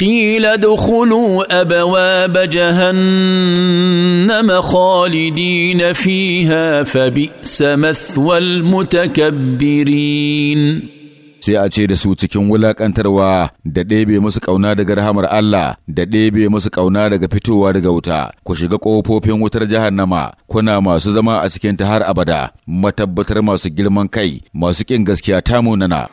قيل ادخلوا ابواب جهنم خالدين فيها فبئس مثوى المتكبرين sai a ce da su cikin wulaƙantarwa da ɗebe musu ƙauna daga rahamar Allah da ɗebe musu ƙauna daga fitowa daga wuta ku shiga ƙofofin wutar jahannama kuna masu zama a cikin ta har abada matabbatar masu girman kai masu ƙin gaskiya ta munana